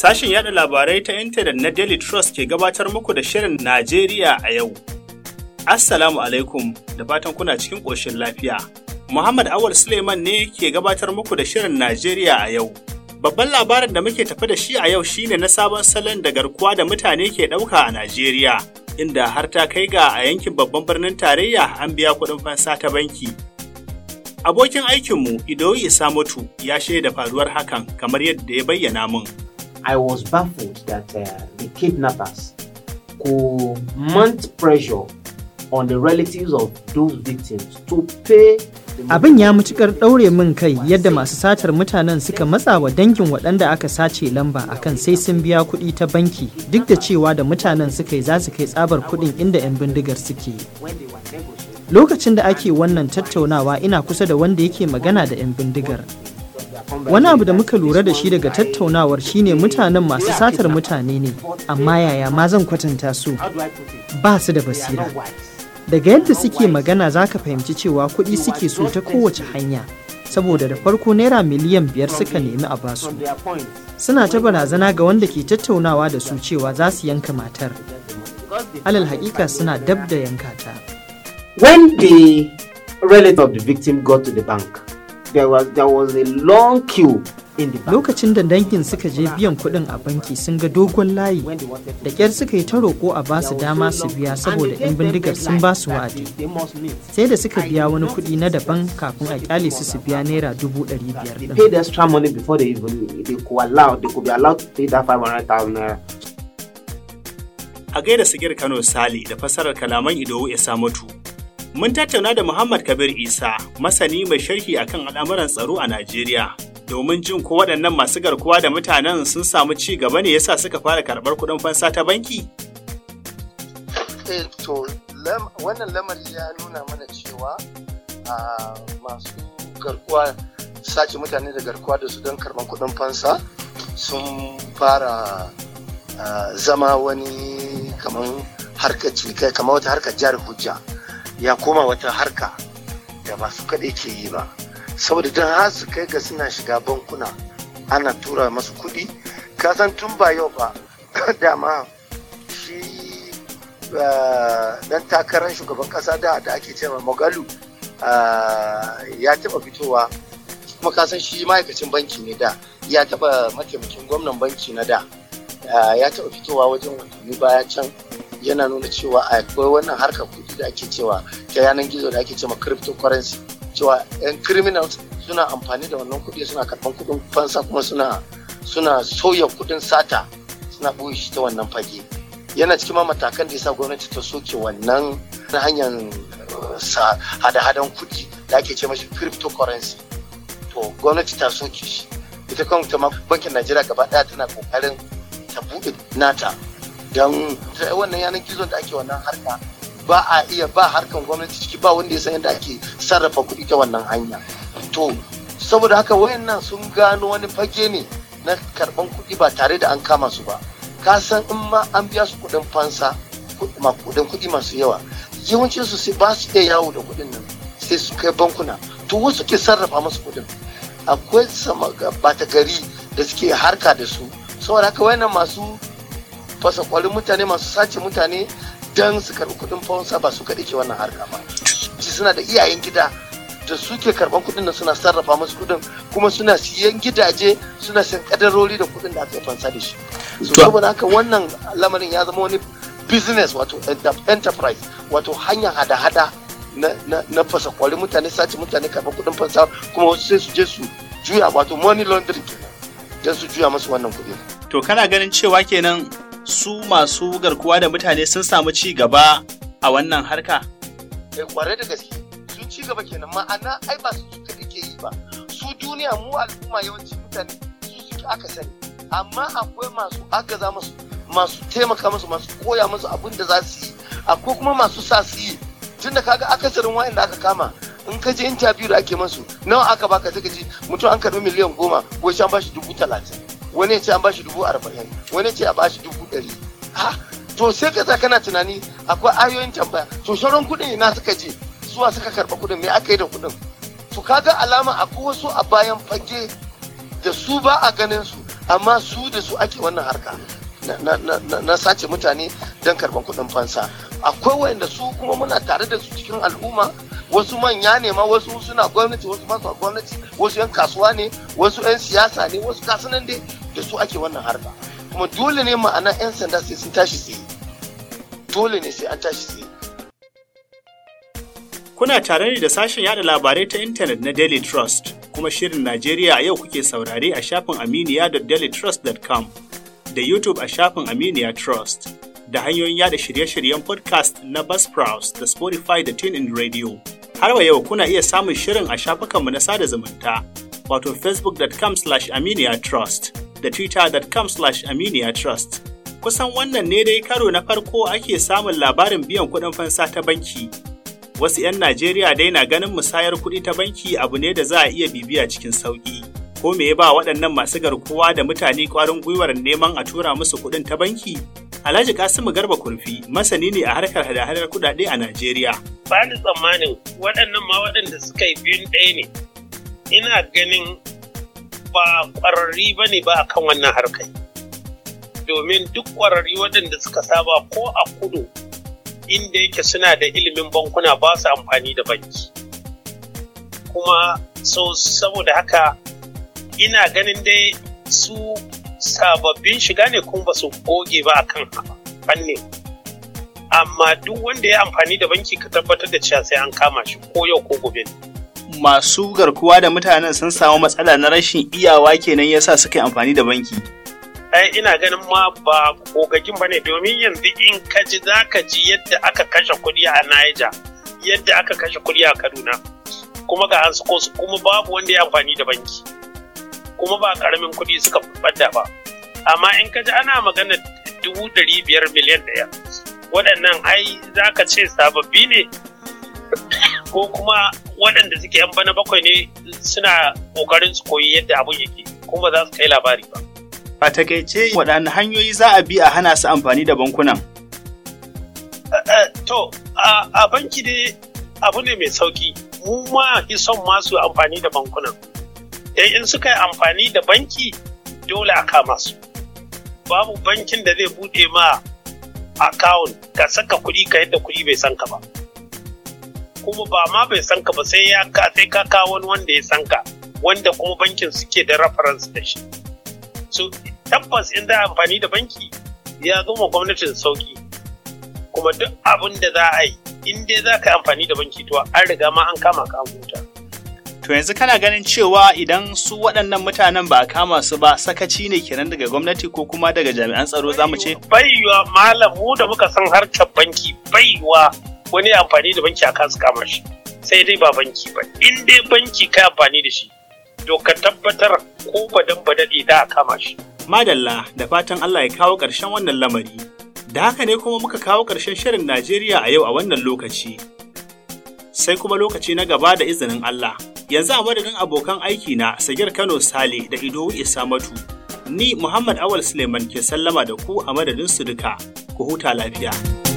Sashen yada labarai ta intanet na Daily Trust ke gabatar muku da Shirin Najeriya a yau. Assalamu alaikum da fatan kuna cikin ƙoshin lafiya. Muhammad Awal Suleiman ne ke gabatar muku da Shirin Najeriya a yau. Babban labarin da muke tafi da shi a yau shine na sabon salon da garkuwa da mutane ke ɗauka a Najeriya, inda har ta kai ga a yankin babban birnin tarayya an biya kuɗin fansa ta banki. Abokin aikinmu Idoyi Samutu ya shaida faruwar hakan kamar yadda ya bayyana mun I was baffled that uh, the kidnappers could mount pressure on the relatives of those victims to pay Abin ya mutukar ɗaure min kai yadda masu satar mutanen suka matsa wa dangin waɗanda aka sace lamba akan sai sun biya kuɗi ta banki duk da cewa da mutanen suka yi za su kai tsabar kuɗin inda 'yan bindigar suke. Lokacin da ake wannan tattaunawa ina kusa da wanda yake magana da 'yan bindigar. Wani abu da muka lura da shi daga tattaunawar shine mutanen masu satar mutane ne, amma yaya ma zan kwatanta su ba su da basira. Daga yadda suke magana za ka fahimci cewa kuɗi suke so ta kowace hanya, saboda da farko naira miliyan biyar suka nemi a basu. Suna ta barazana ga wanda ke tattaunawa da su cewa za su yanka matar. Alal haƙiƙa suna dab da yanka ta. When the relative of the victim got to bank, there Lokacin da dangin suka je biyan kuɗin a banki sun ga dogon layi da ƙyar suka yi ta roƙo a ba su dama su biya saboda 'yan bindigar sun ba su wa'adi. Sai da suka biya wani kuɗi na daban kafin a ƙyale su su biya naira dubu ɗari biyar A gaida Sigir Kano Sali da fasarar kalaman Idowu ya mutu. Mun tattauna da Muhammad Kabir Isa, masani mai sharhi akan al'amuran tsaro a Najeriya. Domin jin ko waɗannan masu garkuwa da mutanen sun samu ci gaba ne yasa suka fara karɓar kuɗin fansa ta banki? Eh, to wannan lamari ya nuna mana cewa masu garkuwa sace mutane da garkuwa da su don karɓar kuɗin fansa sun fara zama wani kamar harkar kamar wata harkar jihar hujja. ya koma wata harka da ba su kaɗai ke yi ba saboda don har su kai ga suna shiga bankuna ana tura masu kuɗi kasan tun ba yau ba dama shi dan eh, takarar shugaban ƙasa da da ake cewa mogalu eh, ya taɓa fitowa kuma kasan shi ma'aikacin banki ne da ya taɓa mataimakin gwamnan banki na da eh, ya taɓa fitowa wajen watanni baya can yana nuna cewa akwai wannan harkar kudi da ake cewa ta yanar gizo da ake cewa cryptocurrency cewa yan criminals suna amfani da wannan kudi suna karɓan kudin fansa kuma suna suna sauya kudin sata suna ɓoye shi ta wannan fage yana cikin ma matakan da ya sa gwamnati ta soke wannan hanyar eh, hada-hadan kudi da ake ce mashi cryptocurrency to gwamnati ta soke shi ita kanta bankin najeriya gaba ɗaya tana kokarin ta buɗe nata don wannan yanar gizon da ake wannan harka ba a iya ba harkan gwamnati ciki ba wanda ya san yadda ake sarrafa kuɗi ta wannan hanya to saboda haka wayannan sun gano wani fage ne na karɓan kuɗi ba tare da an kama su ba ka san in ma an biya su kuɗin fansa kuɗin kuɗi masu yawa yawancin su ba su iya yawo da kuɗin nan sai su kai bankuna to wasu ke sarrafa masu kuɗin akwai sama bata gari da suke harka da su saboda haka wayannan masu fasa kwalin mutane masu sace mutane don su karɓi kudin fawonsa ba su kaɗai ke wannan harka ba suna da iyayen gida da suke karban kuɗin da suna sarrafa musu kudin kuma suna siyan gidaje suna siyan kadarori da kuɗin da aka yi fansa da shi haka wannan lamarin ya zama wani business wato enterprise wato hanya hada-hada na fasa kwalin mutane sace mutane karɓar kudin fansa kuma wasu sai su je su juya wato money laundering kenan don su juya masu wannan kuɗi. to kana ganin cewa kenan su masu garkuwa da mutane sun samu ci gaba a wannan harka? Eh, kware da gaske sun ci gaba kenan ma'ana ai ba su suka kake yi ba su duniya mu al'umma yawanci mutane su suke aka sani amma akwai masu agaza musu masu taimaka musu masu koya musu abin da za su yi akwai kuma masu sa su yi tun da kaga akasarin da aka kama in ka je interview da ake masu nawa aka baka sai ka ji mutum an karbi miliyan goma ko shan bashi dubu talatin wani ya ce an bashi dubu arba'in wani ya ce a bashi dubu ɗari ha to sai ka za kana tunani akwai ayoyin tambaya to sauran kuɗin ina suka je suwa suka karɓa kuɗin me aka yi da kuɗin to ga alama akwai wasu a bayan fage da su ba a ganin su amma su da su ake wannan harka na sace mutane don karɓan kuɗin fansa akwai wayanda su kuma muna tare da su cikin al'umma wasu manya ne ma wasu suna gwamnati wasu masu gwamnati wasu 'yan kasuwa ne wasu 'yan siyasa ne wasu kasunan dai da su ake wannan harka kuma dole ne ma'ana 'yan sanda sai sun tashi tsaye dole ne sai an tashi tsaye kuna tare da sashen yada labarai ta intanet na daily trust kuma shirin najeriya a yau kuke saurare a shafin aminiya.dailytrust.com da youtube a shafin aminiya trust da hanyoyin yada shirye-shiryen podcast na Buzzsprout da Spotify da TuneIn Radio. Har wa yau kuna iya samun shirin a shafukanmu na sada zumunta wato facebookcom aminiatrust da twittercom aminiatrust Kusan wannan ne dai karo na farko ake samun labarin biyan kuɗin fansa ta banki. Wasu 'yan Najeriya dai na ganin musayar kuɗi ta banki abu ne da za a iya bibiya cikin sauƙi. Ko me ya ba waɗannan masu garkuwa da mutane ƙwarin gwiwar neman a tura musu kuɗin ta banki? Alhaji Kasimu Garba Kurfi masani ne a harkar hada-hadar kuɗaɗe a Najeriya. Ba ni tsammanin waɗannan ma waɗanda suka yi biyun ɗaya ne. Ina ganin ba ƙwararri ba ne ba akan wannan harkar. Domin duk ƙwararri waɗanda suka saba ko a kudu inda yake suna da ilimin bankuna ba su amfani da banki. Kuma so saboda haka ina ganin dai su sababbin shiga ne kuma ba su goge ba a kan fannin amma duk wanda ya amfani da banki ka tabbatar da cewa sai an kama shi ko yau ko gobe masu garkuwa da mutanen sun samu matsala na rashin iyawa kenan yasa suka yi amfani da banki ai ina ganin ma ba kogagin ba ne domin yanzu in ka ji za ka ji yadda aka kashe kuɗi a naija yadda aka kashe kuɗi a Kaduna kuma ga an su kuma babu wanda ya amfani da banki. kuma ba karamin kuɗi suka bada ba amma in ka ji ana magana dubu ɗari biyar miliyan ɗaya waɗannan ai za ka ce sababbi ne ko kuma waɗanda suke yan bana bakwai ne suna ƙoƙarin su koyi yadda abun yake kuma za su kai labari ba. A takaice waɗanne hanyoyi za a bi a hana su amfani da bankunan? Eh, eh, to, a banki dai abu ne mai sauki, mu ma fi son masu amfani da bankunan. sai in suka yi amfani da banki dole a kama su babu bankin da zai bude ma akawun ka saka kuɗi ka yadda kuɗi bai san ka ba kuma ba ma bai san ka ba sai ya ka sai ka kawo wanda ya san ka wanda kuma bankin suke da reference da shi so tabbas in za amfani da banki ya zama gwamnatin sauki kuma duk abin da za a yi in dai za ka yi amfani da banki to an riga ma an kama ka an To yanzu kana ganin cewa idan su waɗannan mutanen ba a kama su ba sakaci ne kenan daga gwamnati ko kuma daga jami'an tsaro za mu ce? Baiwa malam mu da muka san harkar banki baiwa wani amfani da banki a kan kama shi sai dai ba banki ba in dai banki ka amfani da shi to ka tabbatar ko badan badade da a kama shi. Madalla da fatan Allah ya kawo ƙarshen wannan lamari. Da haka ne kuma muka kawo ƙarshen shirin Najeriya a yau a wannan lokaci. Sai kuma lokaci na gaba da izinin Allah. Yanzu a madadin abokan aiki na Sagir Kano Sale da isa Isamatu, ni Muhammad Awal Suleiman ke sallama da ku a madadin su duka, ku huta lafiya.